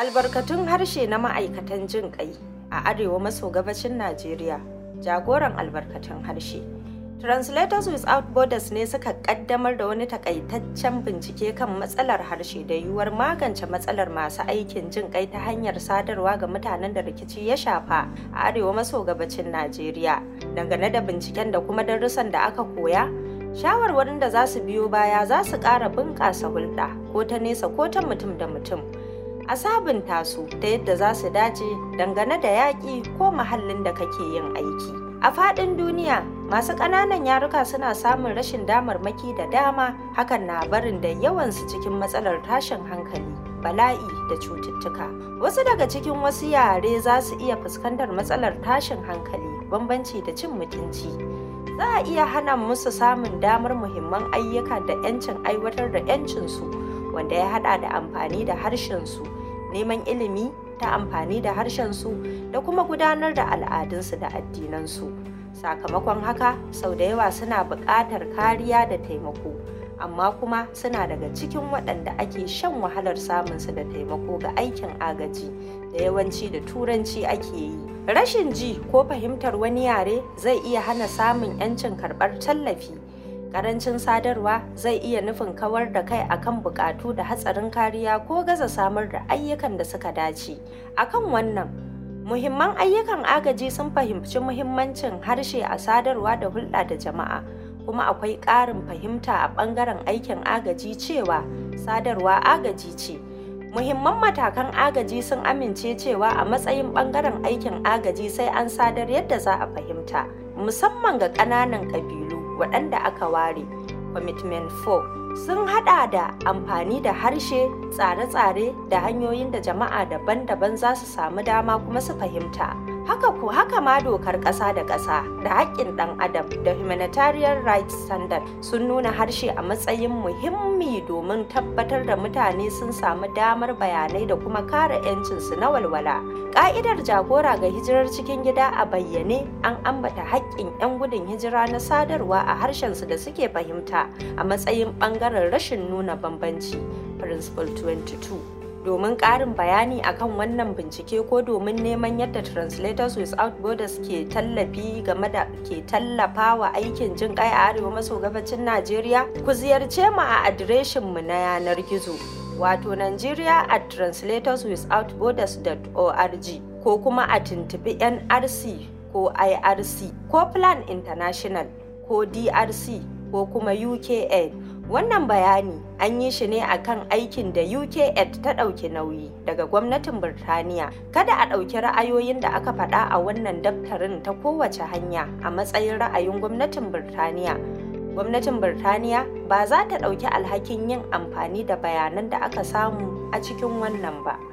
albarkatun harshe na ma'aikatan jin kai a arewa maso gabashin najeriya jagoran albarkatun harshe translators without borders ne suka kaddamar da wani takaitaccen bincike kan matsalar harshe da yiwuwar magance matsalar masu aikin jin kai ta hanyar sadarwa ga mutanen da rikici ya shafa a arewa maso gabacin najeriya dangane da binciken da kuma darussan da aka koya shawarwarin da za su biyo baya za su ƙara bunƙasa hulɗa ko ta nesa ko ta mutum da mutum a sabunta su ta yadda za su dace dangane da yaƙi ko muhallin da kake yin aiki. A faɗin duniya, masu ƙananan yaruka suna samun rashin damarmaki da dama, hakan na barin da yawansu cikin matsalar tashin hankali. bala'i da cututtuka. Wasu daga cikin wasu yare za su iya fuskantar matsalar tashin hankali, bambanci da cin mutunci. Za a iya hana musu samun damar muhimman ayyuka da 'yancin aiwatar da 'yancinsu, wanda ya hada da amfani da harshensu. neman ilimi ta amfani da harshensu da kuma gudanar da al'adunsu da addinansu sakamakon haka sau da yawa suna buƙatar kariya da taimako amma kuma suna daga cikin waɗanda ake shan wahalar samunsu da taimako ga aikin agaji da yawanci da turanci ake yi rashin ji ko fahimtar wani yare zai iya hana samun 'yancin karɓar tallafi Karancin sadarwa zai iya nufin kawar da kai akan bukatu da hatsarin kariya ko gaza samar da ayyukan da suka dace. Akan wannan, muhimman ayyukan agaji sun fahimci muhimmancin harshe a sadarwa da hulɗa da jama'a. kuma akwai ƙarin fahimta a ɓangaren aikin agaji cewa sadarwa agaji ce muhimman matakan agaji sun amince cewa a matsayin ɓangaren aikin agaji sai an sadar yadda za a fahimta musamman ga ƙananan ƙabilu waɗanda aka ware. Commitment 4 sun haɗa da amfani da harshe, tsare-tsare da hanyoyin da jama'a daban-daban za su samu dama kuma su fahimta. haka ko haka ma dokar ƙasa da ƙasa da haƙƙin ɗan adam da humanitarian rights standard sun nuna harshe a matsayin muhimmi domin tabbatar da mutane sun samu damar bayanai da kuma kare 'yancinsu na walwala ƙa'idar jagora ga hijirar cikin gida a bayyane an ambata haƙƙin 'yan gudun hijira na sadarwa a harshen su da suke fahimta a matsayin ɓangaren rashin nuna bambanci principle 22 Domin ƙarin bayani akan wannan bincike ko domin neman yadda Translators Without Borders ke tallafi game da ke tallafa wa aikin jin kai a arewa maso gabacin Najeriya, ku ziyarce mu a adireshinmu na yanar gizo. wato Nigeria at translatorswithoutborders.org ko kuma a tuntubi NRC ko IRC ko Plan International ko DRC ko kuma UKN. Wannan bayani an yi shi ne a kan aikin da Ed ta ɗauki nauyi daga gwamnatin Birtaniya. Kada a ɗauki ra'ayoyin da aka faɗa a wannan daftarin ta kowace hanya a matsayin ra'ayin gwamnatin Birtaniya. Gwamnatin Birtaniya ba za ta ɗauki alhakin yin amfani da bayanan da aka samu a cikin wannan ba.